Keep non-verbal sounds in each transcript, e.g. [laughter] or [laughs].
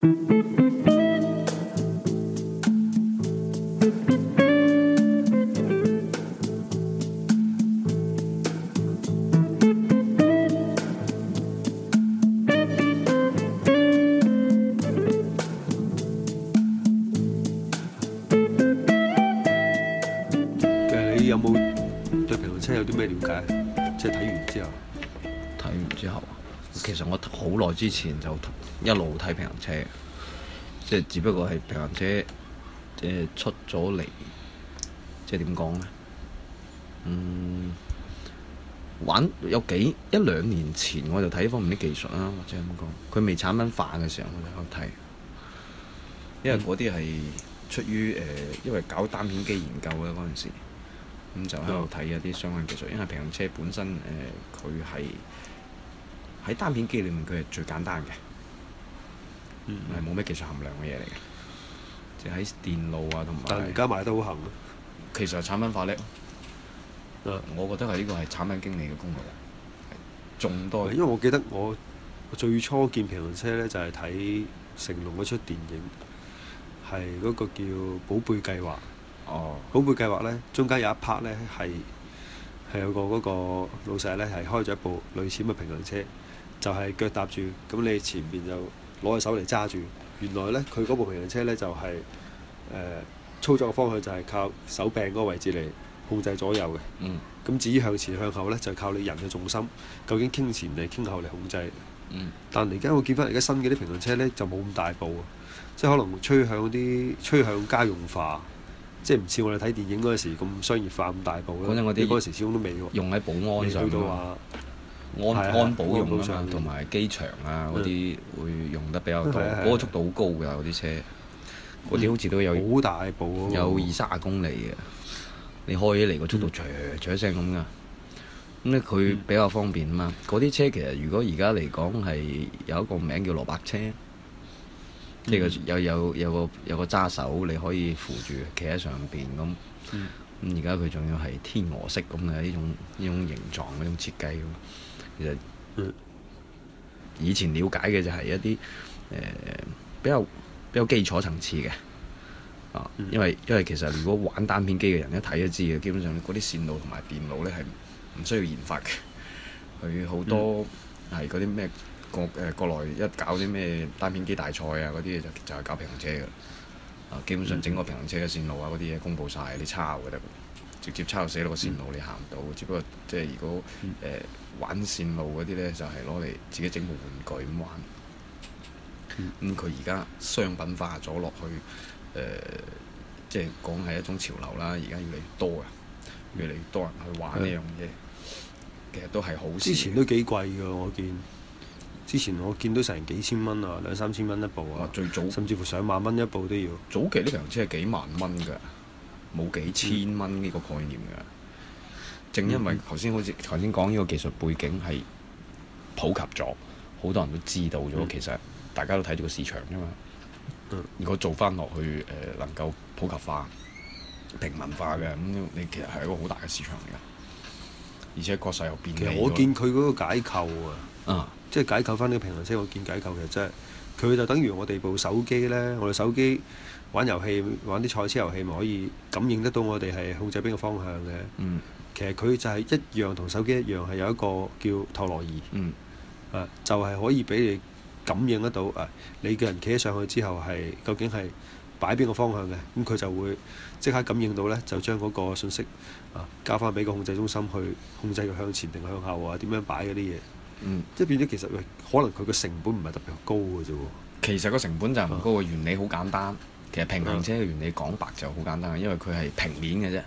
誒，你有冇對評論七有啲咩了解？即係睇完之後，睇完之後，其實我好耐之前就。一路睇平衡車，即係只不過係平衡車誒、呃、出咗嚟，即係點講呢？嗯，玩有幾一兩年前我就睇呢方面啲技術啦，或者噉講，佢未產品化嘅時候我就喺度睇，因為嗰啲係出於誒、呃，因為搞單片機研究嘅嗰陣時，咁就喺度睇一啲相關技術，因為平衡車本身誒佢係喺單片機裏面佢係最簡單嘅。係冇咩技術含量嘅嘢嚟嘅，就喺電路啊同埋，但係而家賣得好行，其實產品化叻，嗯、我覺得係呢個係產品經理嘅功勞，仲多。因為我記得我，我最初見平衡車呢，就係、是、睇成龍嗰出電影，係嗰個叫《寶貝計劃》。哦。寶貝計劃呢，中間有一 part 呢，係係有個嗰個老細呢，係開咗一部類似咁嘅平衡車，就係、是、腳踏住，咁你前邊就、嗯。嗯攞隻手嚟揸住，原來呢，佢嗰部平衡車呢就係、係呃、操作嘅方向就係靠手柄嗰個位置嚟控制左右嘅。咁、嗯、至於向前向後呢，就係、靠你人嘅重心究竟傾前定傾後嚟控制。嗯、但係而家我見翻而家新嘅啲平衡車呢就冇咁大部啊，即係可能趨向啲趨向家用化，即係唔似我哋睇電影嗰陣時咁商業化咁大部啦。嗰陣我啲嗰陣時始終都未用喺保安上。安安保用啊，同埋機場啊嗰啲會用得比較多。嗰個速度高好高㗎，嗰啲車嗰啲好似都有好大部，有二三十公里嘅。你開起嚟個速度嘚嘚嘚嘚，嘈嘈聲咁㗎。咁呢，佢比較方便啊嘛。嗰啲車其實如果而家嚟講係有一個名叫蘿蔔車，即係個有有有個有個揸手你可以扶住，企喺上邊咁。咁而家佢仲要係天鵝式咁嘅呢種呢種形狀嗰種設計。其實，以前了解嘅就係一啲誒、呃、比較比較基礎層次嘅，啊，因為因為其實如果玩單片機嘅人一睇就知嘅，基本上嗰啲線路同埋電路呢係唔需要研發嘅，佢好多係嗰啲咩國誒、呃、國內一搞啲咩單片機大賽啊嗰啲嘢就就係搞平衡車嘅，啊，基本上整個平衡車嘅線路啊嗰啲嘢公佈晒，你抄嘅得。直接抄死落個線路，你行唔到。嗯、只不過即係如果、嗯呃、玩線路嗰啲呢，就係攞嚟自己整個玩具咁玩。咁佢而家商品化咗落去，即、呃、係、就係、講係一種潮流啦。而家越嚟越多啊，越嚟越多人去玩呢樣嘢。嗯、其實都係好事。之前都幾貴㗎，我見。之前我見到成幾千蚊啊，兩三千蚊一部啊，啊，最早。甚至乎上萬蚊一部都要。早期呢平衡車係幾萬蚊㗎。冇幾千蚊呢個概念嘅，嗯、正因為頭先好似頭先講呢個技術背景係普及咗，好多人都知道咗，嗯、其實大家都睇住個市場啫嘛。嗯、如果做翻落去誒、呃，能夠普及化、平民化嘅，咁、嗯、你、嗯、其實係一個好大嘅市場嚟嘅。而且國勢又變。其實我見佢嗰個解構啊，嗯，即係解構翻呢個平衡車，我見解構其實真係。佢就等於我哋部手機呢。我哋手機玩遊戲、玩啲賽車遊戲，咪可以感應得到我哋係控制邊個方向嘅。嗯、其實佢就係一樣同手機一樣，係有一個叫陀螺儀。就係、啊、可以俾你感應得到啊！你個人企咗上去之後，係究竟係擺邊個方向嘅？咁、嗯、佢就會即刻感應到呢，就將嗰個信息、啊、交翻俾個控制中心去控制佢向前定向後啊，點樣擺嗰啲嘢。嗯，即係變咗其實，喂，可能佢個成本唔係特別高嘅啫喎。其實個成本就唔高嘅，嗯、原理好簡單。其實平衡車嘅原理講白就好簡單，因為佢係平面嘅啫，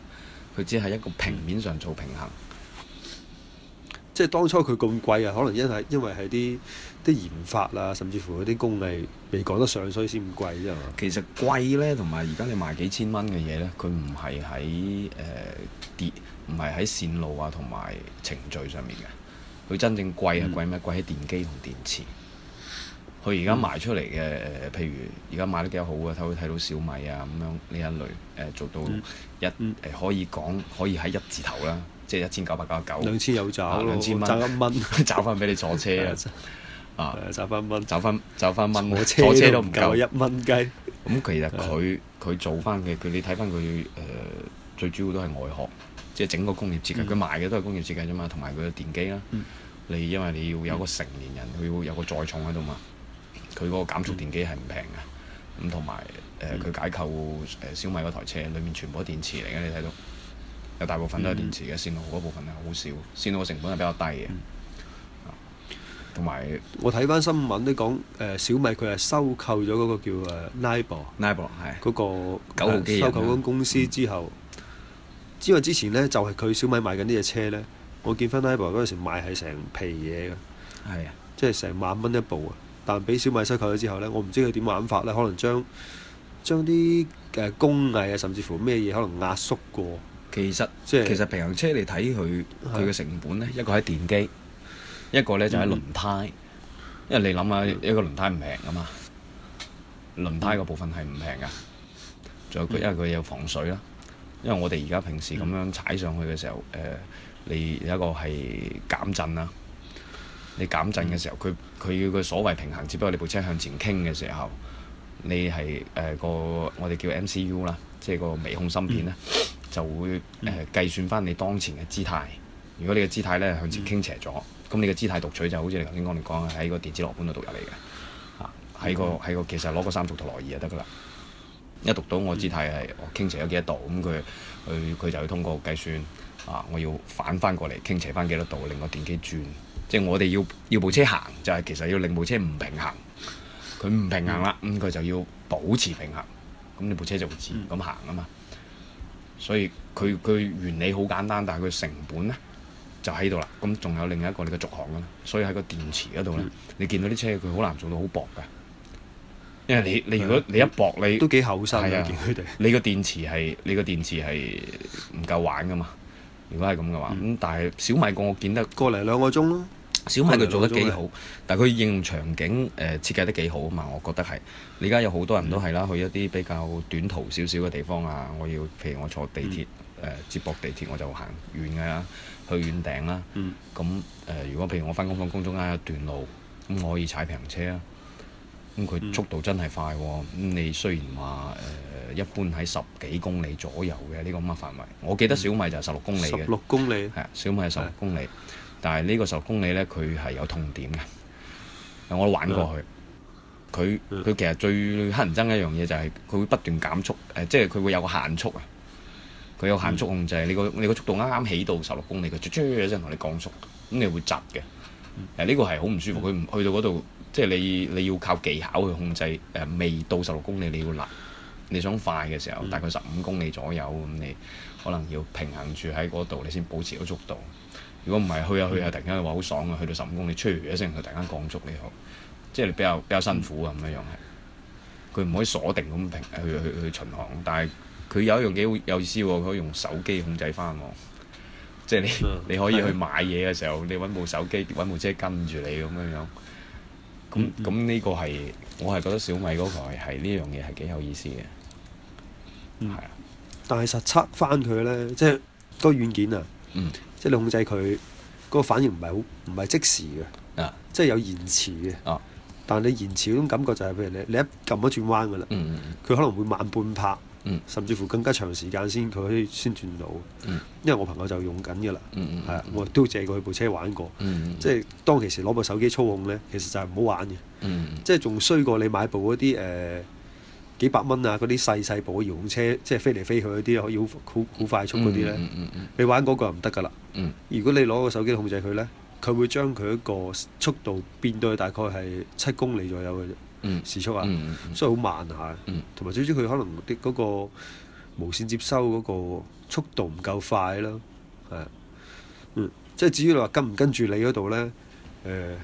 佢只係一個平面上做平衡。嗯、即係當初佢咁貴啊，可能因為因為係啲啲研發啊，甚至乎嗰啲工藝未講得上，所以先咁貴啫嘛。其實貴呢，同埋而家你賣幾千蚊嘅嘢呢，佢唔係喺誒跌，唔係喺線路啊同埋程序上面嘅。佢真正貴係貴咩？貴喺電機同電池。佢而家賣出嚟嘅，譬如而家賣得幾好嘅，睇到睇到小米啊咁樣呢一類，誒做到一誒可以講可以喺一字頭啦，即係一千九百九十九。兩千有找咯，找一蚊，找翻俾你坐車啊！啊，找翻蚊，找翻找翻蚊，坐車都唔夠一蚊雞。咁其實佢佢做翻嘅，佢你睇翻佢誒最主要都係外殼。即係整個工業設計，佢賣嘅都係工業設計啫嘛，同埋佢嘅電機啦。你因為你要有個成年人，佢要有個載重喺度嘛。佢嗰個減速電機係唔平嘅。咁同埋誒，佢解構誒小米嗰台車，裡面全部都係電池嚟嘅，你睇到。有大部分都係電池嘅，線路嗰部分係好少，線路嘅成本係比較低嘅。同埋，我睇翻新聞都講誒，小米佢係收購咗嗰個叫誒 Nebor，Nebor 係嗰個九號機收購嗰間公司之後。因為之前呢，就係、是、佢小米買緊呢隻車呢。我見翻拉布拉嗰陣時買係成皮嘢嘅，係啊的，即係成萬蚊一部啊。但俾小米收購咗之後呢，我唔知佢點玩法呢。可能將將啲工藝啊，甚至乎咩嘢可能壓縮過。其實即係、就是、其實平衡車嚟睇佢佢嘅成本呢，是的 一個係電機，一個呢就係輪胎，嗯、因為你諗下、嗯、一個輪胎唔平啊嘛，輪胎個部分係唔平噶，仲有佢、嗯、因為佢有防水啦。因為我哋而家平時咁樣踩上去嘅時候，誒、呃，你有一個係減震啦、啊，你減震嘅時候，佢佢要嘅所謂平衡，只不過你部車向前傾嘅時候，你係誒、呃、個我哋叫 MCU 啦，即係個微控芯片咧，就會誒、呃、計算返你當前嘅姿態。如果你嘅姿態咧向前傾斜咗，咁、嗯、你嘅姿態讀取就好似你頭先講嚟講喺個電子羅盤度讀入嚟嘅，啊，喺、嗯、個喺個其實攞個三軸陀螺儀就得㗎喇。一讀到我姿態係我傾斜咗幾多度，咁佢佢就要通過計算啊，我要反翻過嚟傾斜翻幾多度，令個電機轉，即係我哋要要部車行，就係其實要令部車唔平衡，佢唔平衡啦，咁佢就要保持平衡，咁你部車就會自然咁行啊嘛。所以佢佢原理好簡單，但係佢成本咧就喺度啦。咁仲有另一個你嘅續航啊，所以喺個電池嗰度咧，你見到啲車佢好難做到好薄㗎。因為你你如果你一搏，你都幾厚身啊，你個電池係你個電池係唔夠玩㗎嘛？如果係咁嘅話，咁但係小米個我見得過嚟兩個鐘咯。小米佢做得幾好，但係佢應用場景誒設計得幾好啊嘛，我覺得係。你而家有好多人都係啦，去一啲比較短途少少嘅地方啊，我要譬如我坐地鐵誒接駁地鐵，我就行遠嘅啦，去遠頂啦。咁誒，如果譬如我翻工翻工中間有段路，咁我可以踩平衡車啊。咁佢速度真係快喎！咁、嗯嗯嗯、你雖然話誒、呃、一般喺十幾公里左右嘅呢、呢個咁嘅範圍，我記得小米就係十六公里嘅。六、嗯、公里，係小米係十六公里，的但係呢個十六公里呢，佢係有痛點嘅。我玩過去，佢佢的其實最乞人憎一樣嘢就係、是、佢會不斷減速，誒、呃，即係佢會有個限速啊，佢有限速控制。嗯、你個你個速度啱啱起到十六公里嘅，唰唰嘅聲同你降速，咁你會窒嘅。誒，呢個係好唔舒服，佢唔、嗯、去到嗰度。即係你你要靠技巧去控制誒、呃，未到十六公里你要立。你想快嘅時候，大概十五公里左右咁，你可能要平衡住喺嗰度，你先保持到速度。如果唔係去下、啊嗯、去下、啊、突然間話好爽啊，去到十五公里，吹如一聲，佢突然間降速，你好，即係你比較比較辛苦咁、嗯、樣樣係。佢唔可以鎖定咁平去去，去巡航，但係佢有一樣幾有意思喎，佢可以用手機控制翻喎。即係你你，你可以去買嘢嘅時候，你揾部手機揾部車跟住你咁樣樣。咁咁呢個係我係覺得小米嗰台係呢樣嘢係幾有意思嘅，係啊、嗯。的但係實測翻佢呢，即係個軟件啊，嗯、即係控制佢嗰、嗰個反應唔係好唔係即時嘅，啊、即係有延遲嘅。啊、但係你延遲嗰種感覺就係、係、譬如你你一撳一轉彎㗎啦，佢、嗯嗯、可能會慢半拍。嗯、甚至乎更加長時間先佢可以先轉到，嗯、因為我朋友就用緊嘅啦，係啊、嗯嗯，我都借過佢部車玩過，嗯嗯、即係當其時攞部手機操控呢，其實就係唔好玩嘅，嗯、即係仲衰過你買部嗰啲誒幾百蚊啊嗰啲細細部嘅遙控車，即係飛嚟飛去嗰啲，可以好好快速嗰啲呢。嗯嗯嗯、你玩嗰個又唔得㗎啦。嗯、如果你攞個手機控制佢呢，佢會將佢一個速度變到大概係七公里左右嘅啫。嗯、時速啊，嗯嗯、所以好慢下、啊，同埋最主要佢可能啲嗰個無線接收嗰個速度唔夠快咯、啊，係、啊，嗯，即係至於你話跟唔跟住你嗰度咧，誒、呃，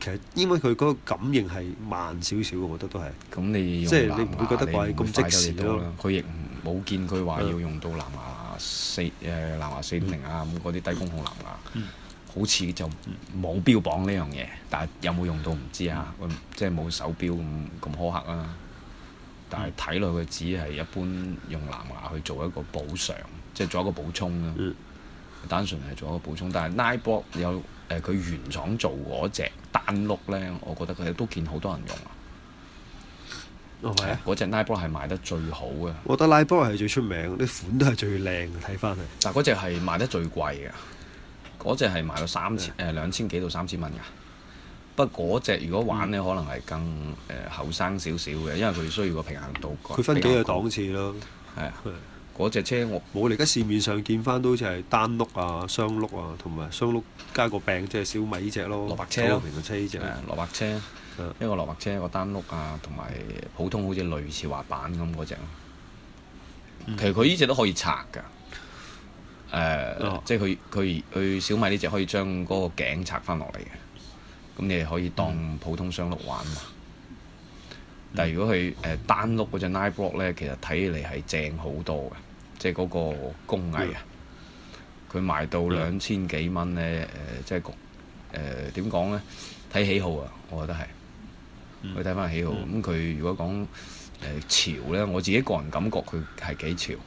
其實因為佢嗰個感應係慢少少，我覺得都係。咁、嗯、你用藍牙，即係你唔會覺得怪、啊、即時到咧，佢亦冇見佢話要用到藍牙四誒、呃、藍牙四點零啊，嗰啲低功耗藍牙。嗯嗯好似就冇標榜呢樣嘢，但係有冇用到唔知啊？嗯、即係冇手錶咁咁苛刻啦、啊。但係睇落去只係一般用藍牙去做一個補償，即係做一個補充咯、啊。嗯、單純係做一個補充。但係 Nile 有佢、呃、原廠做嗰隻單碌呢，我覺得佢都見好多人用啊。係啊，嗰隻 Nile 係賣得最好嘅。我覺得 Nile 係最出名，啲款都係最靚。睇翻係。但係嗰隻係賣得最貴㗎。嗰隻係賣到三千，誒兩千幾到三千蚊㗎，不過嗰隻如果玩呢，嗯、可能係更，誒後生少少嘅，因為佢需要個平衡度。佢分幾個檔次咯？係啊，嗰隻、啊、車我冇嚟，而家市面上見翻都好似係單碌啊、雙碌啊，同埋雙碌加個柄，即係小米呢隻咯。蘿蔔車咯、啊，蘿蔔車呢隻。誒蘿蔔車，一個蘿蔔車，一個單碌啊，同埋普通好似類似滑板咁嗰隻。嗯、其實佢呢隻都可以拆㗎。誒，呃 uh huh. 即係佢佢佢小米呢隻可以將嗰個頸拆翻落嚟嘅，咁你係可以當普通雙碌玩。但係如果佢誒、呃 uh huh. 單碌嗰隻 Ninebot 咧，其實睇起嚟係正好多嘅，即係嗰個工藝啊。佢賣、uh huh. 到兩千幾蚊咧，誒、呃，即係誒點講咧？睇、呃、喜好啊，我覺得係。去睇翻喜好，咁佢如果講誒、呃、潮咧，我自己個人感覺佢係幾潮。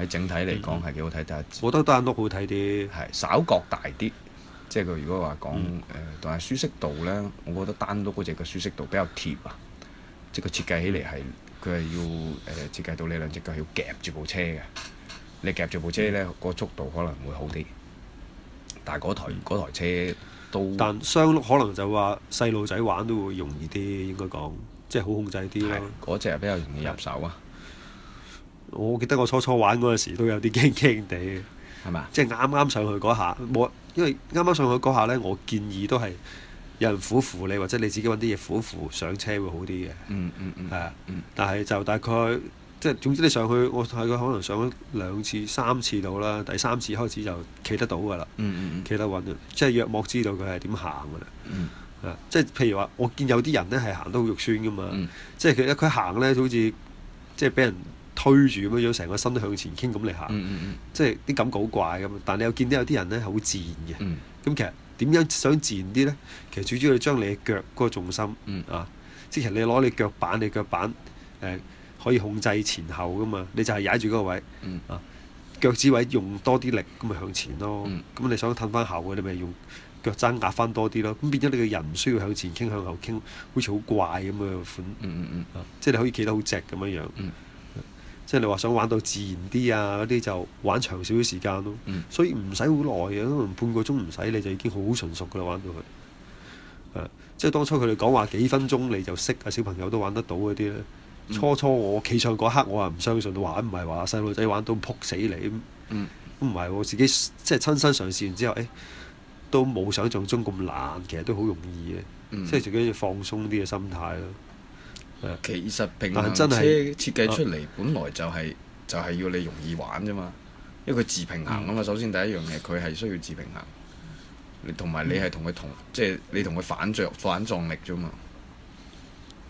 喺整體嚟講係幾好睇，但係我覺得單碌好睇啲，係稍覺大啲。即係佢如果話講誒但係舒適度咧，我覺得單碌嗰隻嘅舒適度比較貼啊，即係佢設計起嚟係佢係要誒、呃、設計到你兩隻腳係要夾住部車嘅，你夾住部車咧嗰、嗯、速度可能會好啲。但係嗰台台車都但雙碌可能就話細路仔玩都會容易啲，應該講即係好控制啲咯、啊。嗰隻、那個、比較容易入手啊。是我記得我初初玩嗰陣時都有啲驚驚地，係嘛？即係啱啱上去嗰下，我因為啱啱上去嗰下呢，我建議都係有人扶扶你，或者你自己揾啲嘢扶扶上車會好啲嘅。嗯嗯嗯。但係就大概即係總之你上去，我睇佢可能上咗兩次、三次到啦。第三次開始就企得到㗎啦。嗯嗯嗯。企得穩，即係約莫知道佢係點行㗎啦。嗯。啊，即係譬如話，我見有啲人呢係行得好肉酸㗎嘛。即係佢咧，佢行咧好似即係俾人。推住咁樣樣，成個身向前傾咁嚟行，即係啲感覺好怪咁。但係你又見到有啲人呢係好自然嘅。咁其實點樣想自然啲呢？其實最主要你將你嘅腳嗰個重心啊，即係你攞你腳板，你腳板可以控制前後噶嘛。你就係踩住嗰個位啊，腳趾位用多啲力咁咪向前咯。咁你想褪翻後嘅，你咪用腳踭壓翻多啲咯。咁變咗你個人唔需要向前傾向後傾，好似好怪咁嘅款。即係你可以企得好直咁樣樣。即係你話想玩到自然啲啊，嗰啲就玩長少少時間咯，嗯、所以唔使好耐嘅，可能半個鐘唔使你就已經好純熟㗎啦，玩到佢、啊，即係當初佢哋講話幾分鐘你就識啊，小朋友都玩得到嗰啲咧。初初我企上嗰刻我啊唔相信玩，玩唔係話細路仔玩到撲死你，唔唔係，我自己即係親身嘗試完之後，誒、欸、都冇想像中咁難，其實都好容易嘅，嗯、即係自己要放鬆啲嘅心態咯。其實平衡車、啊、真係設計出嚟，啊、本來就係、是、就係、是、要你容易玩啫嘛，因為佢自平衡啊嘛。首先第一樣嘢，佢係需要自平衡。你同埋你係同佢同，嗯、即係你同佢反着，反撞力啫嘛，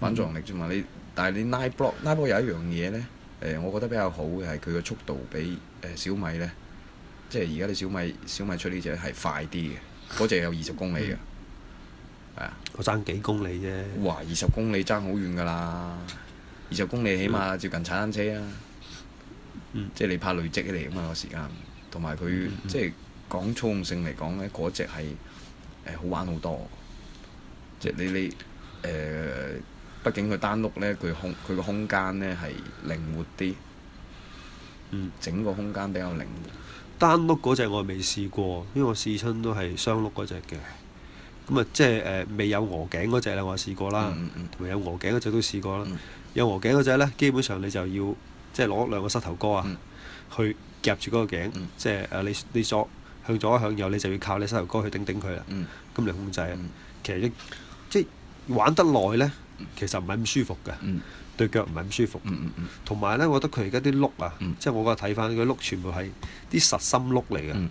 反撞力啫嘛。你但係你 Ninebot、嗯、Ninebot 有一樣嘢呢、呃，我覺得比較好嘅係佢嘅速度比、呃、小米呢，即係而家你小米小米出呢隻係快啲嘅，嗰隻有二十公里嘅。嗯係我爭幾公里啫。哇！二十公里爭好遠㗎啦，二十公里起碼接、嗯、近踩單車啊。嗯、即係你拍累積起嚟啊嘛、嗯、個時間，同埋佢即係講操控性嚟講呢，嗰隻係好玩好多。即、就、係、是、你你誒、呃，畢竟佢單碌呢，佢空佢個空間呢係靈活啲。嗯、整個空間比較靈活、嗯。單碌嗰隻我未試過，因為我試親都係雙碌嗰隻嘅。咁啊，即係誒未有鵝頸嗰隻啦，我試過啦，同埋有鵝頸嗰隻都試過啦。有鵝頸嗰隻咧，基本上你就要即係攞兩個膝頭哥啊，去夾住嗰個頸，即係誒你你左、向左向右，你就要靠你膝頭哥去頂、頂佢啦，咁嚟控制。其實一、即係玩得耐咧，其實唔係咁舒服嘅，對腳唔係咁舒服。同埋咧，我覺得佢而家啲碌啊，即係我今日睇翻佢碌，全部係啲實心碌嚟嘅。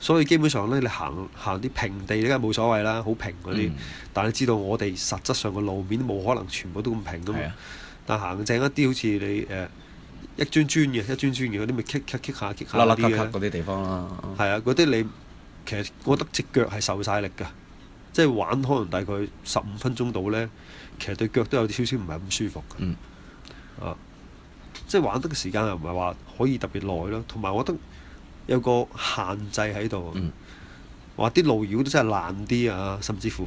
所以基本上咧，你行行啲平地你梗係冇所謂啦，好平嗰啲。嗯、但你知道我哋實質上個路面冇可能全部都咁平噶嘛。是啊、但行正一啲，好似你誒一磚磚嘅、一磚磚嘅嗰啲咪棘下棘下揈下嗰啲嘅。嗰啲地方啦。係啊，啊，嗰啲你其實我覺得隻腳係受晒力㗎。嗯、即係玩可能大概十五分鐘到呢，其實對腳都有少少唔係咁舒服。嗯、啊。即係玩得嘅時間又唔係話可以特別耐咯。同埋我覺得有個限制喺度，話啲、嗯、路如都真係爛啲啊，甚至乎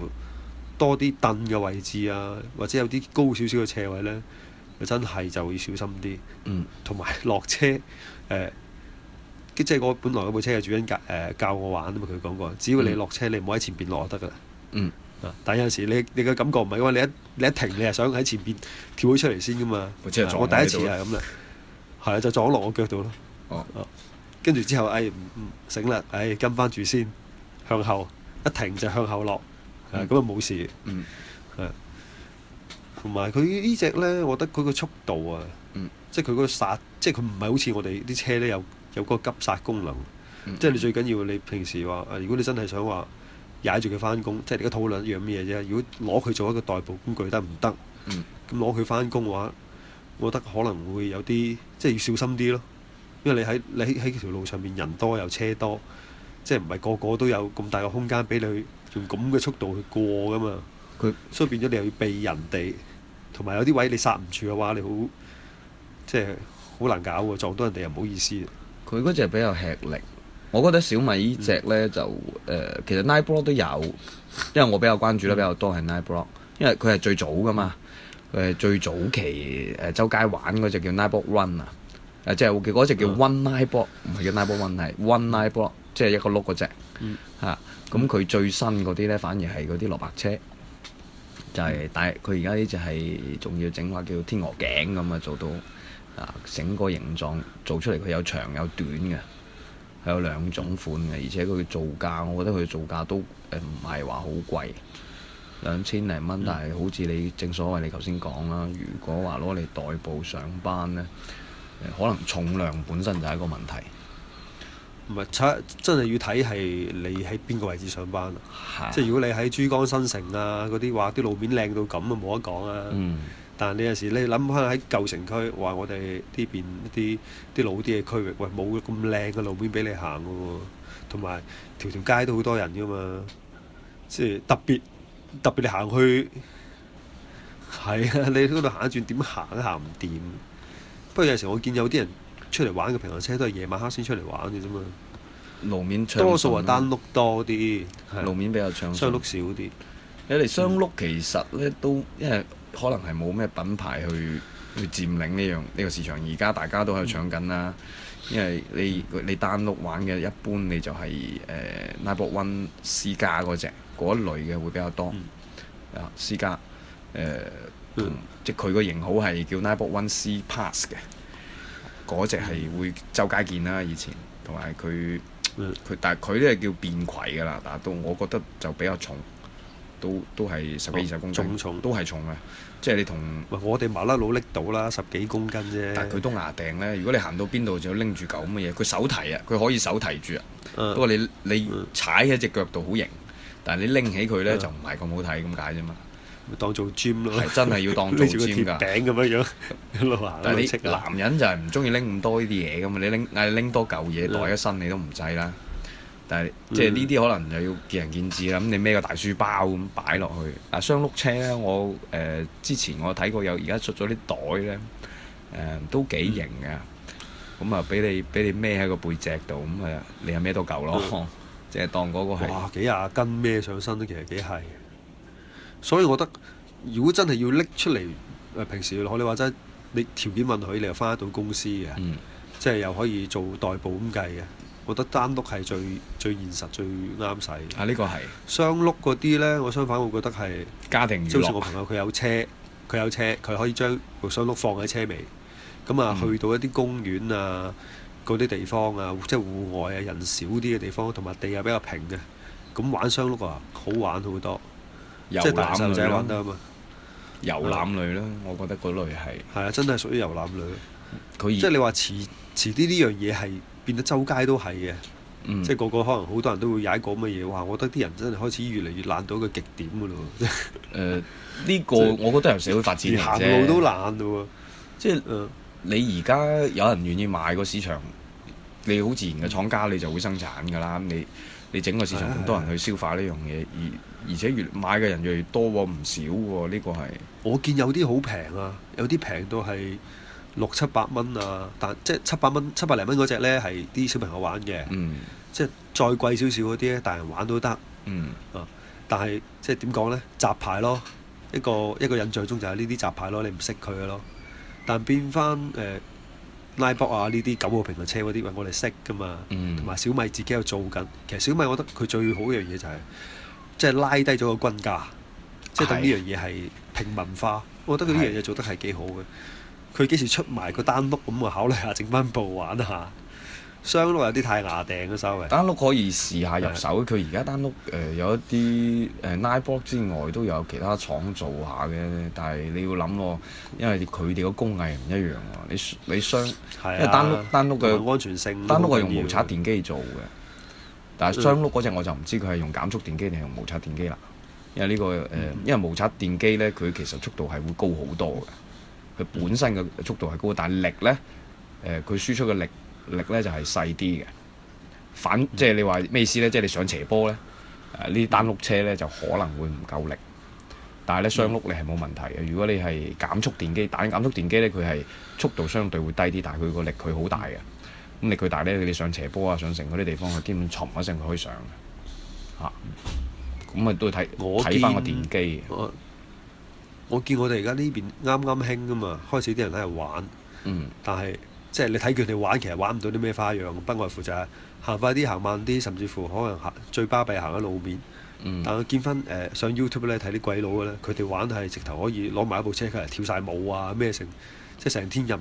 多啲凳嘅位置啊，或者有啲高少少嘅斜位呢，真係就要小心啲。同埋落車、呃、即係我本來部車嘅主人教、呃、教我玩啊嘛，佢講過，只要你落車，嗯、你唔好喺前邊落就得㗎啦。嗯、但有陣時你你嘅感覺唔係，因為你一你一停，你係想喺前邊跳出嚟先㗎嘛、啊。我第一次係咁啦，係啊，就撞落我腳度咯。啊啊跟住之後，誒、哎、唔醒啦，誒、哎、跟翻住先，向後一停就向後落，咁啊冇事。嗯，同埋佢呢隻呢，我覺得佢個速度啊，嗯、即係佢嗰個剎，即係佢唔係好似我哋啲車呢有有嗰個急剎功能。嗯、即係你最緊要你平時話，如果你真係想話踩住佢翻工，即係你而家討論一樣咩嘢啫？如果攞佢做一個代步工具得唔得？嗯。咁攞佢翻工嘅話，我覺得可能會有啲即係要小心啲咯。因為你喺你喺喺條路上面，人多又車多，即係唔係個個都有咁大嘅空間俾你去用咁嘅速度去過噶嘛？佢他所以變咗你又要避人哋，同埋有啲位你剎唔住嘅話，你好即係好難搞喎，撞到人哋又唔好意思。佢嗰隻比較吃力，我覺得小米依隻咧就誒、呃，其實 Ninebot 都有，因為我比較關注得、嗯、比較多係 Ninebot，因為佢係最早噶嘛，佢係誒最早期誒、呃、周街玩嗰隻叫 Ninebot Run 啊。誒，即係嗰隻叫 One 拉波，唔係叫拉波 One，係 One 拉波，即係一個碌嗰隻吓。咁佢、嗯啊、最新嗰啲呢，反而係嗰啲蘿蔔車，就係但係佢而家呢只係仲要整話叫天鵝頸咁啊，做到啊，整個形狀做出嚟，佢有長有短嘅，係有兩種款嘅，而且佢造價，我覺得佢造價都唔係話好貴，兩千零蚊。但係好似你、嗯、正所謂你頭先講啦，如果話攞嚟代步上班呢。可能重量本身就係一個問題，唔係，真係要睇係你喺邊個位置上班。即係如果你喺珠江新城啊嗰啲，話啲路面靚到咁啊，冇得講啊。但係你有時你諗翻喺舊城區，話我哋呢邊啲啲老啲嘅區域，喂，冇咁靚嘅路面俾你行嘅喎，同埋條條街都好多人噶嘛。即係特別特別你行去，係啊，你喺度行一轉，點行都行唔掂。不過有時我見有啲人出嚟玩嘅平衡車都係夜晚黑先出嚟玩嘅啫嘛。路面、啊、多數多啊單碌多啲，路面比較搶。雙碌少啲。你哋雙碌其實咧都因為可能係冇咩品牌去去佔領呢樣呢個市場，而家大家都係搶緊啦。嗯、因為你你單碌玩嘅一般你就係誒拉博韋斯加嗰隻嗰一類嘅會比較多。嗯。啊，斯、呃、加，即係佢個型號係叫 Ninebot One C+ 嘅，嗰隻係會周街見啦。以前同埋佢，佢但係佢咧叫便攜㗎啦，但係都我覺得就比較重，都都係十幾二十公斤，哦、重，重都係重啊！即係你同我哋麻甩佬拎到啦，十幾公斤啫。但係佢都牙定咧，如果你行到邊度就要拎住嚿咁嘅嘢，佢手提啊，佢可以手提住啊。不過、嗯、你你，你踩喺隻腳度好型，但係你拎起佢咧就唔係咁好睇咁解啫嘛。當做尖 y m 咯，係真係要當做尖 y m 噶，餅咁 [laughs] 樣樣，一路行但係你 [laughs] 男人就係唔中意拎咁多呢啲嘢噶嘛？你拎嗌你拎多舊嘢袋一身，你都唔制啦。但係即係呢啲可能就要見仁見智啦。咁你孭個大書包咁擺落去啊？雙碌車咧，我誒、呃、之前我睇過有，而家出咗啲袋咧，誒、呃、都幾型噶。咁啊、嗯，俾你俾你孭喺個背脊度，咁啊，你又孭到夠咯，嗯、即係當嗰個係。哇！幾啊斤孭上身都其實幾係。所以我覺得，如果真係要拎出嚟，誒平時攞你話齋，你條件允許，你又翻得到公司嘅，嗯、即係又可以做代步咁計嘅。我覺得單碌係最最現實、最啱使。啊，呢個係雙碌嗰啲呢，我相反會覺得係家庭娛樂。即好似我朋友佢有車，佢有車，佢可以將雙碌放喺車尾，咁啊去到一啲公園啊嗰啲地方啊，嗯、即係戶外啊人少啲嘅地方，同埋地又比較平嘅，咁玩雙碌啊好玩好多。即係大仔玩得啊嘛！遊覽類咯，我覺得嗰類係係啊，真係屬於遊覽類。即係你話遲遲啲呢樣嘢係變得周街都係嘅，即係、嗯、個個可能好多人都會踩一個乜嘢？哇！我覺得啲人真係開始越嚟越懶到一個極點㗎咯。誒、呃，呢、 [laughs] 呢個、就是、我覺得由社會發展嚟行路都懶喎，即、就、係、是呃、你而家有人願意買個市場，你好自然嘅廠家你就會生產㗎啦。咁你你，你整個市場咁多人去消化呢樣嘢而。而且越買嘅人越嚟越多喎，唔、哦、少喎，呢、這個係我見有啲好平啊，有啲平到係六七百蚊啊，但即係七百蚊、七百零蚊嗰隻呢，係啲小朋友玩嘅，嗯、即係再貴少少嗰啲咧，大人玩都得、嗯啊、但係即係點講呢？雜牌咯，一個一個印象中就係呢啲雜牌咯，你唔識佢嘅咯。但變翻誒拉博啊呢啲九號平衡車嗰啲，我哋識㗎嘛，同埋、嗯、小米自己又做緊。其實小米，我覺得佢最好一樣嘢就係、是。即係拉低咗個均價，即係等呢樣嘢係平民化。是的 我覺得佢呢樣嘢做得係幾好嘅。佢幾是的 時出埋個單碌咁啊？考慮下整返部玩下。雙碌有啲太牙定咯，收咪。單碌可以試下入手，佢而家單碌誒、呃、有一啲誒拉波之外，都有其他廠做下嘅。但係你要諗咯，因為佢哋個工藝唔一樣喎。你你雙的因為單碌，單碌嘅安全性，單碌係用無刷電機做嘅，但係雙碌嗰隻我就唔知佢係用減速電機定係用無刷電機啦，因為呢、這個誒、呃，因為無刷電機咧，佢其實速度係會高好多嘅，佢本身嘅速度係高，但係力咧誒，佢、呃、輸出嘅力力咧就係細啲嘅。反即係、就是、你話咩意思咧？即、就、係、是、你上斜坡咧，呃、單呢單碌車咧就可能會唔夠力。但係咧雙碌你係冇問題嘅。如果你係減速電機，打係減速電機咧佢係速度相對會低啲，但係佢個力佢好大嘅。咁你佢大咧，你上斜坡啊、上城嗰啲地方，基本上沉一成，佢可以上嘅咁啊，都睇我睇見翻個電機。我我見我哋而家呢邊啱啱興啊嘛，開始啲人喺度玩。嗯、但係即係你睇佢哋玩，其實玩唔到啲咩花樣。不外乎就係、是、行快啲、行慢啲，甚至乎可能行最巴閉行喺路面。嗯、但係見翻誒、呃、上 YouTube 咧睇啲鬼佬嘅咧，佢哋玩係直頭可以攞埋一部車佢嚟跳晒舞啊咩成，即係成天任。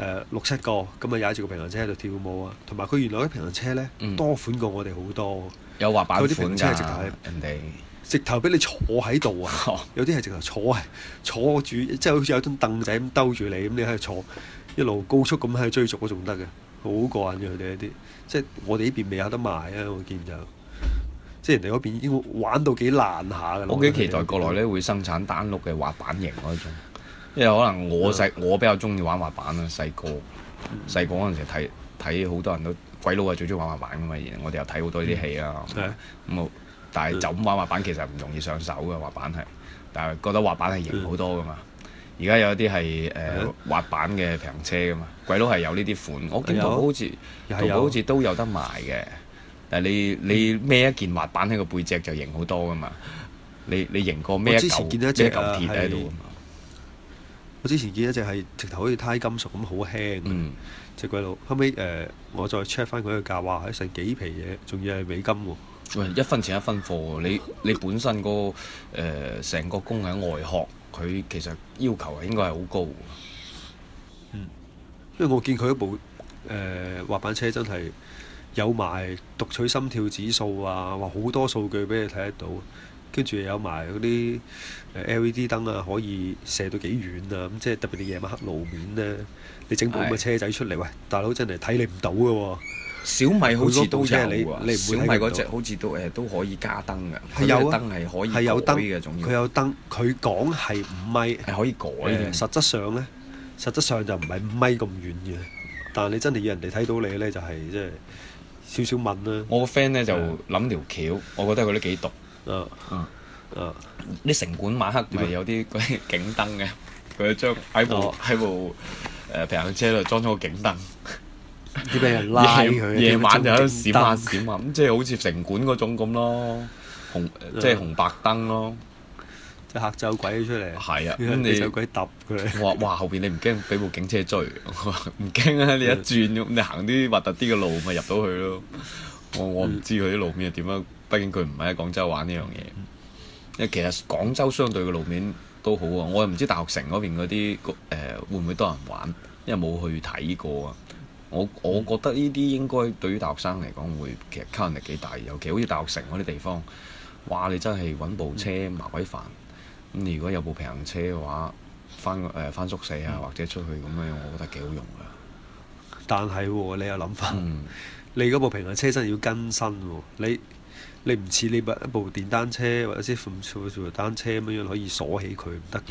誒六七個咁啊踩住個平衡車喺度跳舞啊，同埋佢原來啲平衡車咧、嗯、多款過我哋好多，有滑板款㗎。人哋家直頭俾你坐喺度啊， [laughs] 有啲係直頭坐係坐住，即係好似有張凳仔咁兜住你，咁你喺度坐，一路高速咁喺度追逐，嗰仲得嘅，好過癮嘅佢哋一啲，即係我哋呢邊未有得賣啊！我見就，即係人哋嗰邊已經玩到幾爛下嘅。我幾期待國內咧會生產單碌嘅滑板型嗰種。即係可能我細我比較中意玩滑板啦，細個細個嗰陣時睇睇好多人都鬼佬係最中意玩滑板噶嘛，然我哋又睇好多呢啲戲啊。咁但係就咁玩滑板其實唔容易上手嘅滑板係，但係覺得滑板係型好多噶嘛。而家有一啲係誒滑板嘅平車噶嘛，鬼佬係有呢啲款，我見到好似淘寶好似都有得賣嘅。但係你你孭一件滑板喺個背脊就型好多噶嘛。你你型過孭一嚿鐵喺度。我之前見一隻係直頭好似鈦金屬咁好輕嘅，隻鬼佬。後尾誒、呃、我再 check 翻佢嘅價，話喺成幾皮嘢，仲要係美金喎、嗯。一分錢一分貨喎。嗯、你你本身嗰誒成個工藝、呃、外殼，佢其實要求應該係好高，嗯，因為我見佢一部誒、呃、滑板車真係有埋讀取心跳指數啊，話好多數據俾你睇得到。跟住有埋嗰啲 LED 燈啊，可以射到幾遠啊？咁即係特別你夜晚黑路面咧，你整部咁嘅車仔出嚟，喂，大佬真係睇你唔到㗎喎！小米好似都即係你，你唔會睇到。小米嗰隻好似都誒都可以加燈㗎，佢嘅燈係可以改嘅，仲要佢有燈，佢講係五米，係可以改嘅。實質上咧，實質上就唔係五米咁遠嘅。但係你真係要人哋睇到你咧，就係即係少少問啦。我個 friend 咧就諗條橋，我覺得佢都幾毒。啲城管晚黑咪有啲警燈嘅，佢將喺部喺部誒平行車度裝咗個警燈，夜晚就喺度閃下閃，即係好似城管嗰種咁咯，紅即係紅白燈咯，即係嚇走鬼出嚟。係啊，你住鬼揼佢。我話：，哇，後邊你唔驚俾部警車追？唔驚啊！你一轉你行啲核突啲嘅路咪入到去咯。我我唔知佢啲路面係點樣。畢竟佢唔係喺廣州玩呢樣嘢，因為其實廣州相對嘅路面都好啊。我又唔知大學城嗰邊嗰啲誒會唔會多人玩，因為冇去睇過啊。我我覺得呢啲應該對於大學生嚟講會其實吸引力幾大，尤其好似大學城嗰啲地方，哇！你真係揾部車麻鬼煩咁。如果有部平衡車嘅話，翻誒翻宿舍啊，或者出去咁樣，我覺得幾好用噶。但係你又諗翻，你嗰、嗯、部平衡車真係要更新喎，你。你唔似你部一部電單車或者啲附單車咁樣可以鎖起佢，唔得嘅，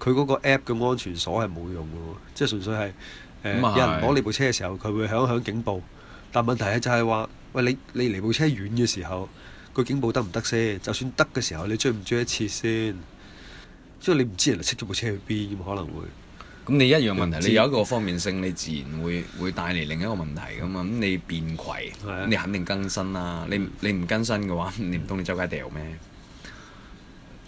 佢嗰、嗯、個 app 嘅安全鎖係冇用㗎喎，即係純粹係、呃、是有人攞你部車嘅時候，佢會響響警報。但問題係就係話，喂你你離部車遠嘅時候，個警報得唔得先？就算得嘅時候，你追唔追得切先？即係你唔知人哋竄咗部車去邊，咁可能會。嗯咁你一樣問題，然你有一個方便性，你自然會會帶嚟另一個問題噶嘛。咁你便攜，的你肯定更新啦、嗯。你你唔更新嘅話，你唔通你周街掉咩？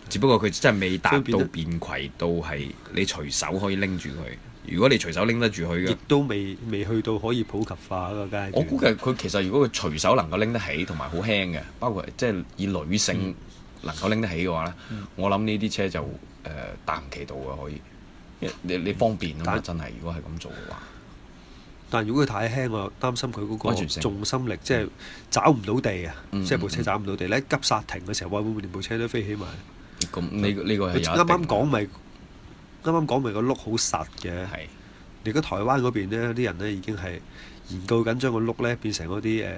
只不過佢真係未達到便攜到係你隨手可以拎住佢。如果你隨手拎得住佢，亦都未未去到可以普及化個階段。我估計佢其實如果佢隨手能夠拎得起同埋好輕嘅，包括即係、就是、以女性能夠拎得起嘅話咧，嗯、我諗呢啲車就誒大行其道嘅可以。你你方便啊嘛，真係如果係咁做嘅話。但係如果佢太輕，我又擔心佢嗰個重心力，即係找唔到地啊，即係部車找唔到地咧，急剎停嘅時候哇，會唔會連部車都飛起埋？咁呢個呢個係有啱啱講咪，啱啱講咪個轆好實嘅。係。而家台灣嗰邊咧，啲人呢，已經係研究緊將個轆咧變成嗰啲誒，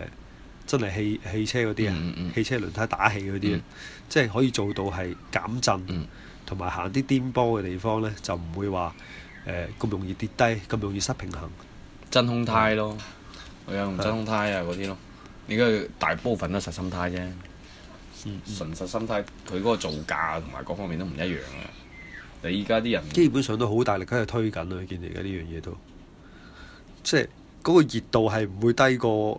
真係汽汽車嗰啲啊，汽車輪胎打氣嗰啲，即係可以做到係減震。同埋行啲顛簸嘅地方咧，就唔會話誒咁容易跌低，咁容易失平衡。真空胎咯，我、嗯、有用真空胎啊嗰啲咯。應該大部分都實心胎啫。嗯。純實心胎，佢嗰個造價同埋各方面都唔一樣啊！你而家啲人基本上都好大力喺度推緊啊！見你而家呢樣嘢都，即係嗰個熱度係唔會低過，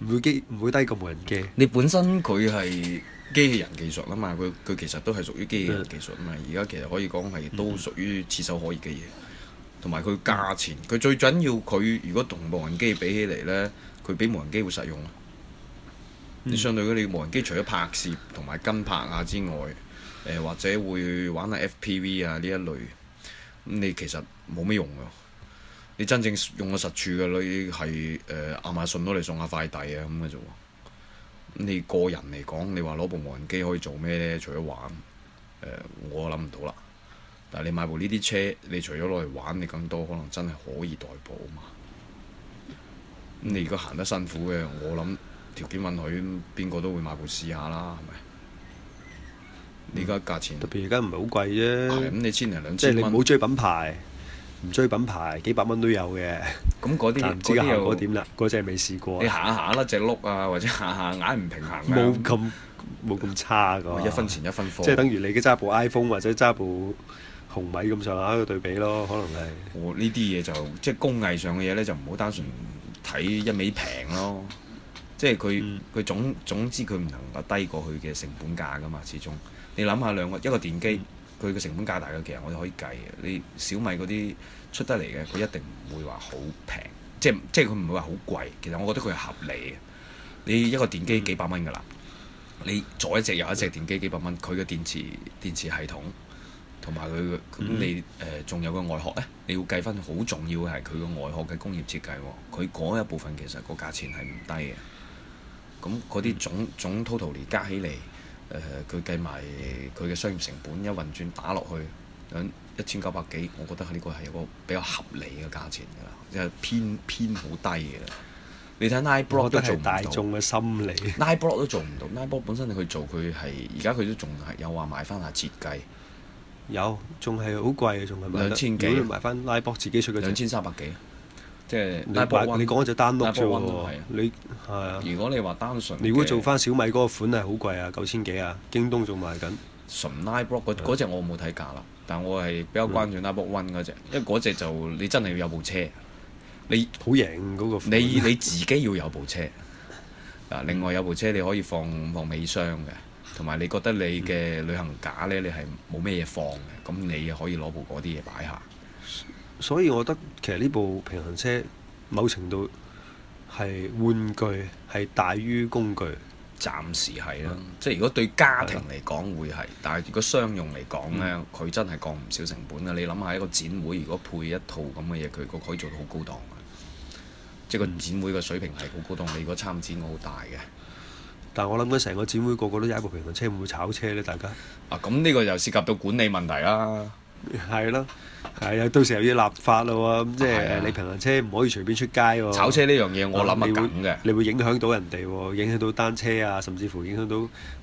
唔會機唔會低過無人機。你本身佢係？機器人技術啊嘛，佢佢其實都係屬於機器人技術啊嘛。而家其實可以講係都屬於炙手可熱嘅嘢，同埋佢價錢，佢最緊要佢如果同無人機比起嚟呢，佢比無人機會實用咯。你相對嗰啲無人機，除咗拍攝同埋跟拍啊之外，呃，或者會玩下 FPV 啊呢一類，咁你其實冇咩用㗎。你真正用到實處嘅，你係誒、呃、亞馬遜攞嚟送下快遞啊咁嘅啫。你個人嚟講，你話攞部無人機可以做咩咧？除咗玩，呃、我諗唔到啦。但係你買部呢啲車，你除咗攞嚟玩，你更多可能真係可以代步啊嘛。咁、嗯、你如果行得辛苦嘅，我諗條件允許，邊個都會買部試下啦，係咪？你而家價錢特別而家唔係好貴啫。係咁、嗯，你千零兩千。即係你唔好追品牌。唔追品牌，幾百蚊都有嘅。咁嗰啲嗰啲又點啦？嗰隻未試過。你行下行下粒隻碌啊，或者行下眼唔平衡。冇咁冇咁差㗎，啊。一分錢一分貨。即係等於你嘅揸部 iPhone 或者揸部紅米咁上下去對比咯，可能係。我呢啲嘢就即係工藝上嘅嘢咧，就唔好單純睇一味平咯。即係佢佢總總之佢唔能夠低過佢嘅成本價㗎嘛，始終。你諗下兩個一個電機。嗯佢個成本價大嘅，其實我哋可以計嘅。你小米嗰啲出得嚟嘅，佢一定唔會話好平，即係即係佢唔會話好貴。其實我覺得佢係合理嘅。你一個電機幾百蚊㗎啦，你左一隻右一隻電機幾百蚊，佢個電池電池系統同埋佢嘅咁你誒仲、呃、有個外殼呢？你要計翻好重要嘅係佢個外殼嘅工業設計喎，佢嗰一部分其實個價錢係唔低嘅。咁嗰啲總總 total 嚟加起嚟。誒，佢計埋佢嘅商業成本，一運轉打落去兩一千九百幾，我覺得呢個係一個比較合理嘅價錢㗎啦，即係偏偏好低嘅啦。 [laughs] 你睇耐 blog 都做唔到。大眾嘅心理。耐 [laughs] blog 都做唔到，耐 [laughs] blog 本身你去做，佢係而家佢都仲係有話買翻下設計。有，仲係好貴，仲係兩千幾買翻耐多 blog 自己出嘅。兩千三百幾。即係，One，你講嗰隻單碌啫喎。你係啊。如果你話單純，你如果做翻小米嗰個款係好貴啊，九千幾啊。京東仲賣緊純 iBook 嗰嗰隻我冇睇價啦，但我係比較關注 l iBook One 嗰、那、隻、個，嗯、因為嗰隻就你真係要有部車。你好型嗰個款你。你你自己要有部車，嗱， [laughs] 另外有部車你可以放放尾箱嘅，同埋你覺得你嘅旅行架咧，你係冇咩嘢放嘅，咁你可以攞部嗰啲嘢擺下。所以我覺得其實呢部平衡車某程度係玩具係大於工具，暫時係啦。嗯、即係如果對家庭嚟講會係，嗯、但係如果商用嚟講呢，佢、嗯、真係降唔少成本嘅。你諗下，一個展會如果配一套咁嘅嘢，佢個可以做到好高檔，即係個展會個水平係好高檔，嗯、你個參展好大嘅。但係我諗緊成個展會個個都有一部平衡車去會唔會炒車呢？大家。啊，咁呢個又涉及到管理問題啦。係咯，係啊！到時候又要立法咯喎，咁即係、啊、你平衡車唔可以隨便出街喎、啊。炒車呢樣嘢，我諗係咁嘅，你會影響到人哋喎、啊，影響到單車啊，甚至乎影響到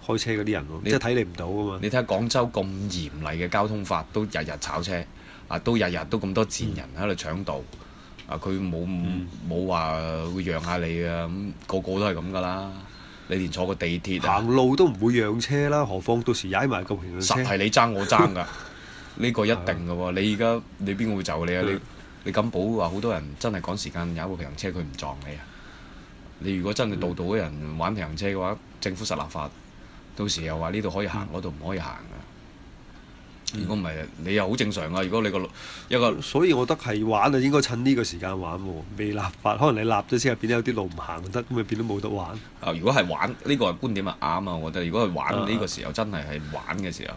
開車嗰啲人喎、啊。你真係睇你唔到啊嘛。你睇下廣州咁嚴厲嘅交通法，都日日炒車啊，都日日都咁多賤人喺度搶道啊！佢冇冇話會讓下你啊，咁個個都係咁㗎啦。你連坐個地鐵、啊、行路都唔會讓車啦，何況到時踩埋個平衡車，實係你爭我爭㗎。 [laughs] 呢個一定㗎喎，你而家你邊個會走你啊？你你敢保話好多人真係趕時間踩部平衡車，佢唔撞你啊？你如果真係度度嘅人玩平衡車嘅話，政府實立法，到時又話呢度可以行，嗰度唔可以行啊！如果唔係，你又好正常啊！如果你個有一個，所以我覺得係玩啊，應該趁呢個時間玩喎。未立法，可能你立咗先，變咗有啲路唔行得，咁咪變咗冇得玩。啊！如果係玩呢個，係觀點係啱啊！我覺得，如果係玩呢個時候，真係係玩嘅時候。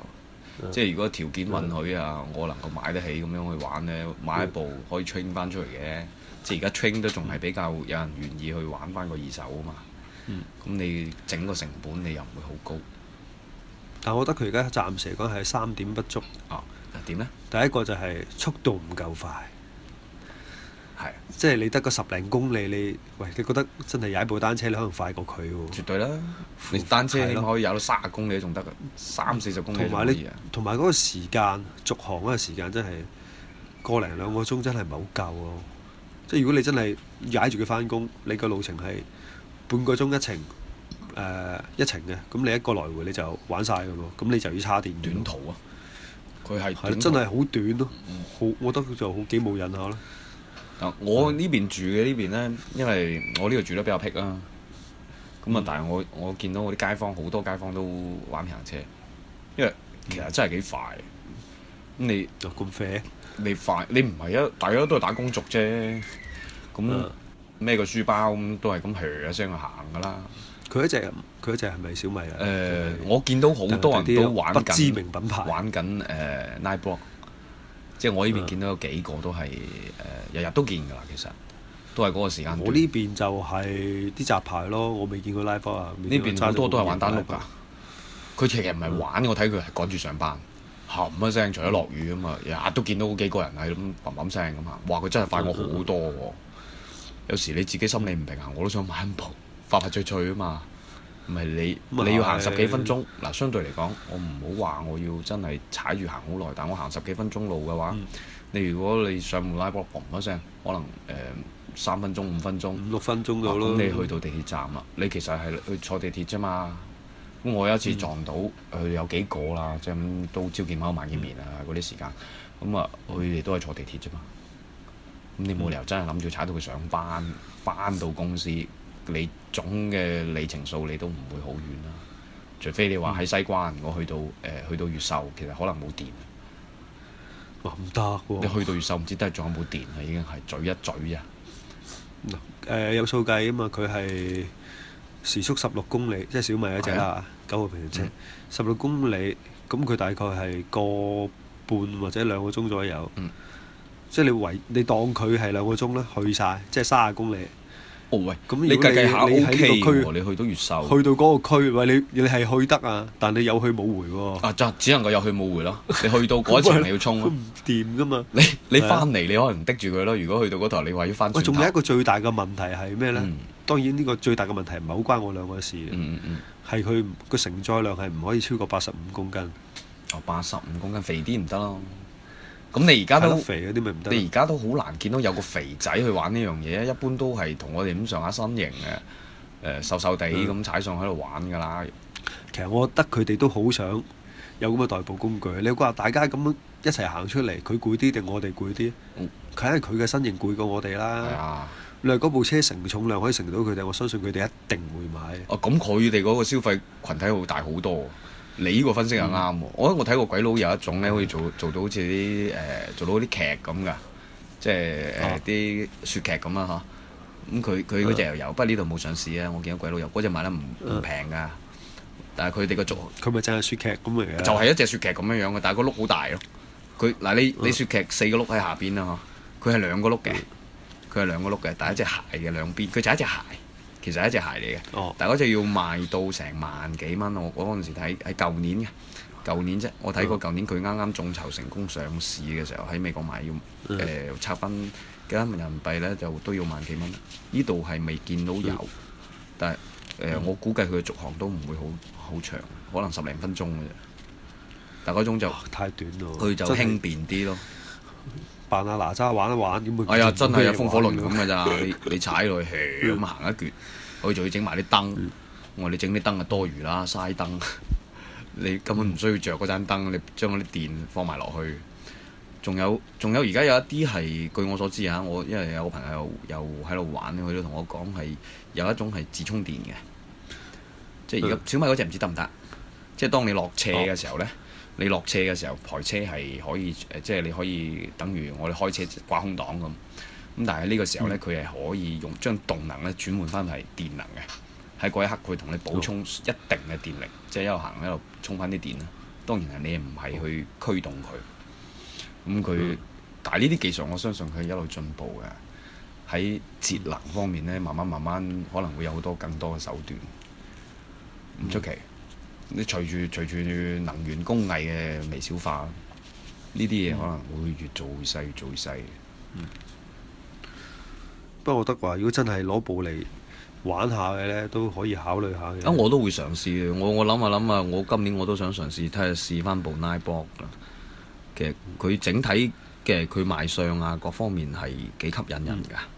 即係如果條件允許啊，嗯、我能夠買得起咁樣去玩呢，買一部可以 train 翻出嚟嘅。即係而家 train 都仲係比較有人願意去玩翻個二手啊嘛。嗯。咁你整個成本你又唔會好高。但我覺得佢而家暫時嚟講係三點不足。哦、啊，嗱點呢？第一個就係速度唔夠快。係，啊、即係你得個十零公里，你喂，你覺得真係踩部單車，你可能快過佢喎。絕對啦，你單車你、啊、可以踩到三十公里仲得㗎，三四十公里同埋咧，同埋嗰個時間，續航嗰個時間真係個零兩個鐘真係唔係好夠喎。即係如果你真係踩住佢翻工，你個路程係半個鐘一程，誒、呃、一程嘅，咁你一個來回你就玩晒㗎喎，咁你就要差電短途啊。佢係、啊、真係好短咯、啊，嗯、好，我覺得佢就好幾冇癮下啦。啊、我呢邊住嘅呢邊咧，因為我呢度住得比較僻啊。咁啊！但係我我見到我啲街坊好多街坊都玩平衡車，因為其實真係幾快。咁你就咁飛？麼你快？你唔係啊，大家都係打工族啫。咁孭個書包咁，都係咁嘘一聲去行噶啦。佢一隻，佢一隻係咪小米啊？誒、呃，是我見到好多人都玩知名品牌，玩緊誒拉波。Uh, 即係我呢邊見到有幾個都係誒日日都見㗎啦，其實都係嗰個時間。我呢邊就係啲雜牌咯，我未見過拉包啊。呢邊好多都係玩單碌㗎。佢其實唔係玩，嗯、我睇佢係趕住上班，冚一聲，除咗落雨啊嘛，日日都見到嗰幾個人係咁砰砰聲咁嘛。哇！佢真係快我好多喎。嗯啊、有時你自己心理唔平衡，我都想買一部，快快脆脆啊嘛。唔係你，是你要行十幾分鐘嗱。相對嚟講，我唔好話我要真係踩住行好耐，但我行十幾分鐘路嘅話，嗯、你如果你上樓拉波嘣一聲，可能誒、呃、三分鐘、五分鐘、六分鐘咁咯。啊、你去到地鐵站啦，嗯、你其實係去坐地鐵啫嘛。咁我有一次撞到佢、嗯呃、有幾個啦，即係咁都朝見貓晚見面啊嗰啲時間。咁、嗯、啊，佢、呃、哋都係坐地鐵啫嘛。咁你冇理由真係諗住踩到佢上班，返到公司你？總嘅里程數你都唔會好遠啦、啊，除非你話喺西關，我、嗯、去到誒、呃、去到越秀，其實可能冇電。唔得、啊啊、你去到越秀唔知得仲有冇電啊？已經係嘴一嘴啫。嗱、呃、有數計啊嘛，佢係時速十六公里，即係小米一隻啦，九號平行車，十六公里，咁佢大概係個半或者兩個鐘左右。嗯、即係你圍你當佢係兩個鐘啦，去晒，即係三十公里。咁、哦、你，你計計下你喺個區，你去到越秀，去到嗰個區，喂，你你係去得啊？但你有去冇回喎？啊，就、啊、只能夠有去冇回咯。 [laughs] 你去到嗰層、啊，你要衝。都唔掂噶嘛！你你翻嚟，你可能唔滴住佢咯。如果去到嗰台，你話要翻。喂，仲有一個最大嘅問題係咩咧？嗯、當然呢個最大嘅問題唔係好關我兩個事。嗯係佢個承載量係唔可以超過八十五公斤。哦，八十五公斤肥啲唔得咯。咁你而家都肥啲咪唔得？你而家都好難見到有個肥仔去玩呢樣嘢，一般都係同我哋咁上下身形嘅、呃、瘦瘦哋咁踩上喺度玩㗎啦。嗯、其實我覺得佢哋都好想有咁嘅代步工具。你話大家咁樣一齊行出嚟，佢攰啲定我哋攰啲？佢係佢嘅身形攰過我哋啦。嗯、你話嗰部車承重量可以承到佢哋，我相信佢哋一定會買。哦、嗯，咁佢哋嗰個消費群體會大好多。你依個分析又啱喎，嗯、我我睇過鬼佬有一種咧，可以、嗯、做做到好似啲誒做到啲劇咁噶，即係誒啲雪劇咁啊嚇。咁佢佢嗰隻又有，嗯、不過呢度冇上市啊。我見到鬼佬有，嗰隻賣得唔唔平噶。但係佢哋個做，佢咪就係雪劇咁嚟嘅。就係一隻雪劇咁樣樣嘅，但係個轆好大咯。佢嗱你你、嗯、你雪劇四個轆喺下邊啦嚇，佢係兩個轆嘅，佢係兩個轆嘅，但係一隻鞋嘅兩邊，佢就一隻鞋。其實係一隻鞋嚟嘅，oh. 但嗰隻要賣到成萬幾蚊。我嗰陣時睇喺舊年嘅，舊年啫，我睇過舊年佢啱啱眾籌成功上市嘅時候喺美國買要誒拆、呃、分幾萬人民幣呢，就都要萬幾蚊。呢度係未見到有，但係、呃、我估計佢嘅續航都唔會好好長，可能十零分鐘嘅啫。但係嗰種就、oh, 太短咯，佢就輕便啲咯。扮下哪吒玩一玩咁啊！點會哎呀，真係有風火輪咁噶咋？你你踩落去，咁行一橛，佢仲要整埋啲燈。嗯、我話你整啲燈啊多餘啦，嘥燈。你根本唔需要着嗰盞燈，你將啲電放埋落去。仲有仲有，而家有，有一啲係據我所知啊，我因為有個朋友又喺度玩，佢都同我講係有一種係自充電嘅，即係而家小米嗰隻唔知得唔得？即係當你落斜嘅時候呢。哦你落車嘅時候，台車係可以，誒，即係你可以等於我哋開車掛空擋咁。咁但係呢個時候呢，佢係可以用將動能呢轉換翻係電能嘅。喺嗰一刻，佢同你補充一定嘅電力，哦、即係一路行一路充翻啲電啦。當然係你唔係去驅動佢。咁佢、哦，但係呢啲技術，我相信佢一路進步嘅。喺節能方面呢，慢慢慢慢可能會有好多更多嘅手段。嗯，唔出奇。你隨住隨住能源工藝嘅微小化，呢啲嘢可能會越做越細，越做越細，嗯、不過，我覺得話，如果真係攞部嚟玩，玩下嘅呢，都可以考慮下嘅。我都會嘗試嘅。我我諗下諗下，我今年我都想嘗試睇下試翻部 Nike 嘅。其實佢整體嘅佢賣相啊，各方面係幾吸引人㗎。嗯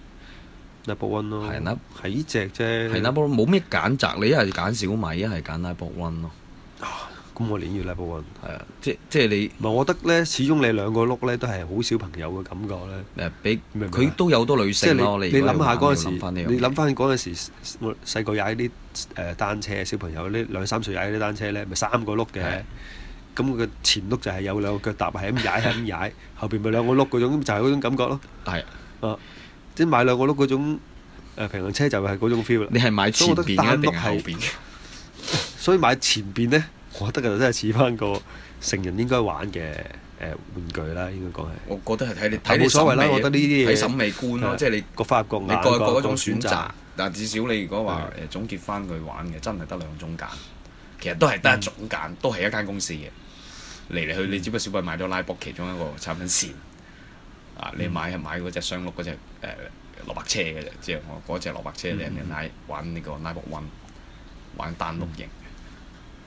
拉布運咯，係拉，係呢隻啫，係拉布運冇咩揀擇，你一係揀小米，一係揀拉布運咯。咁我鍾意拉布運，係啊，即即係你，唔係我覺得咧，始終你兩個轆咧都係好小朋友嘅感覺咧。佢都有好多女性咯。你你諗下嗰陣時，你諗翻嗰陣時，我細個踩啲誒單車，小朋友呢兩三歲踩啲單車咧，咪三個轆嘅，咁個前轆就係有兩個腳踏，係咁踩，係咁踩，後邊咪兩個轆嗰種，就係嗰種感覺咯。係啊。即係買兩個碌嗰種平衡車就係嗰種 feel 啦。你係買前邊啊定係後邊？所以買前邊咧，我覺得就真係似翻個成人應該玩嘅誒玩具啦，應該講係。我覺得係睇你睇你審美。冇所謂啦，我覺得呢啲嘢。睇審美觀咯，即係你個花，你各有各嗰種選擇。但至少你如果話誒總結翻佢玩嘅，真係得兩種揀。其實都係得一種揀，都係一間公司嘅。嚟嚟去你只不過小費買咗拉卜其中一個產品線。啊！你買係買嗰、呃、隻雙碌嗰隻誒蘿蔔車嘅啫，即係我嗰隻蘿蔔車你你拉玩呢、這個拉力運玩單碌型。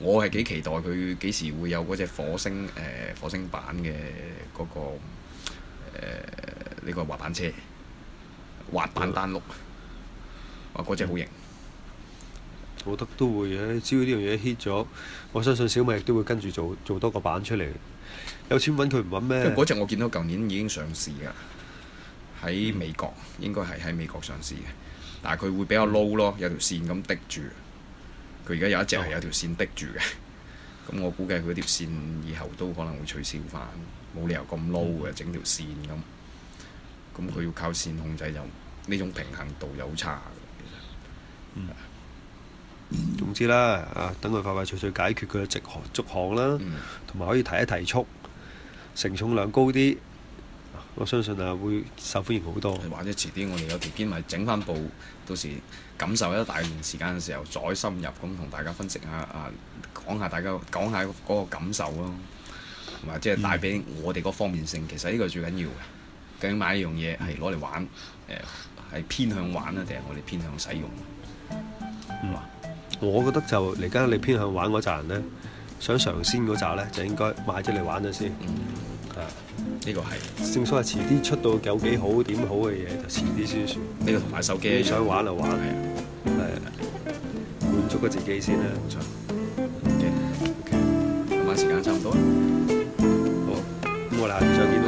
嗯、我係幾期待佢幾時會有嗰隻火星誒、呃、火星版嘅嗰、那個呢、呃這個滑板車滑板單碌。哇、嗯！嗰隻好型。我覺得都會嘅，只要呢樣嘢 hit 咗，我相信小米都會跟住做做多個版出嚟。有錢揾佢唔揾咩？嗰隻我見到，舊年已經上市嘅喺美國，應該係喺美國上市嘅。但係佢會比較 low 咯，有條線咁滴住。佢而家有一隻係有條線滴住嘅，咁、嗯、 [laughs] 我估計佢條線以後都可能會取消返，冇理由咁 low 嘅、嗯、整條線咁。咁佢要靠線控制就呢種平衡度有差嘅。嗯嗯、總之啦，啊，等佢快快脆脆解決佢嘅直行足行啦，同埋、嗯、可以提一提速。承重量高啲，我相信啊會受歡迎好多。或者遲啲我哋有條件咪整翻部，到時感受一大段時間嘅時候，再深入咁同大家分析下啊，講下大家講下嗰個感受咯，同埋即係帶俾我哋嗰方面性。嗯、其實呢個最緊要嘅，究竟買一樣嘢係攞嚟玩，誒係、嗯呃、偏向玩咧，定係我哋偏向使用？我覺得就嚟緊你偏向玩嗰陣人咧。想嘗鮮嗰紮咧，就應該買出嚟玩咗先。嗯、啊，呢個係正所謂遲啲出到有幾好點好嘅嘢，就遲啲先算。呢個同埋手機，你想玩就玩，係、嗯、啊，啊滿足咗自己先啦。冇錯。OK OK，今晚時間差唔多。好，噉我哋下次再見。